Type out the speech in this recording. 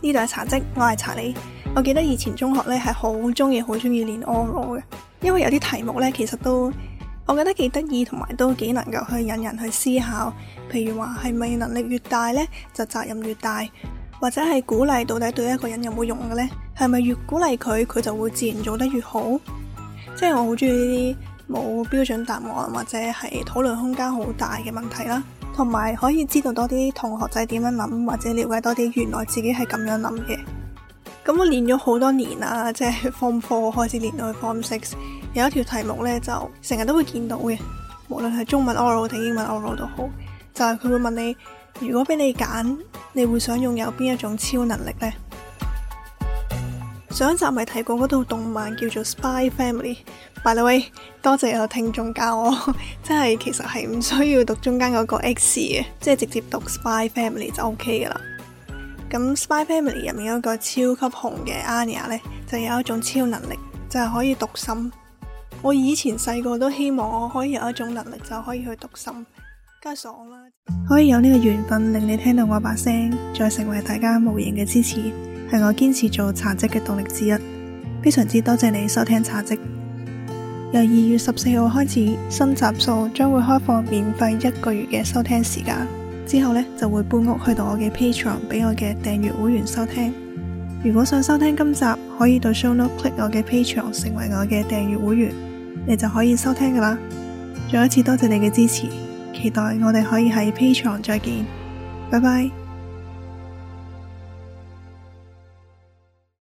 呢度係茶嘖，我係查理。我記得以前中學咧，係好中意好中意練 oral 嘅，因為有啲題目咧，其實都我覺得幾得意，同埋都幾能夠去引人去思考。譬如話係咪能力越大咧，就責任越大，或者係鼓勵到底對一個人有冇用嘅咧？係咪越鼓勵佢，佢就會自然做得越好？即係我好中意呢啲冇標準答案或者係討論空間好大嘅問題啦。同埋可以知道多啲同學仔點樣諗，或者瞭解多啲原來自己係咁樣諗嘅。咁我練咗好多年啦，即係 Form Four 開始練到去 Form Six，有一條題目呢，就成日都會見到嘅，無論係中文 oral 定英文 oral 都好，就係、是、佢會問你：如果俾你揀，你會想擁有邊一種超能力呢？」上一集咪提過嗰套動漫叫做 Spy Family，by the way，多謝有聽眾教我，真係其實係唔需要讀中間嗰個 X 嘅，即係直接讀 Spy Family 就 OK 噶啦。咁 Spy Family 入面有一個超級紅嘅 Anya 呢就有一種超能力就係、是、可以讀心。我以前細個都希望我可以有一種能力就可以去讀心，梗係爽啦！可以有呢個緣分令你聽到我把聲，再成為大家無形嘅支持。係我堅持做茶嘖嘅動力之一，非常之多謝你收聽茶嘖。由二月十四號開始，新集數將會開放免費一個月嘅收聽時間，之後呢，就會搬屋去到我嘅 Patreon 俾我嘅訂閱會員收聽。如果想收聽今集，可以到 show note click 我嘅 Patreon 成為我嘅訂閱會員，你就可以收聽噶啦。再一次多謝你嘅支持，期待我哋可以喺 Patreon 再見，拜拜。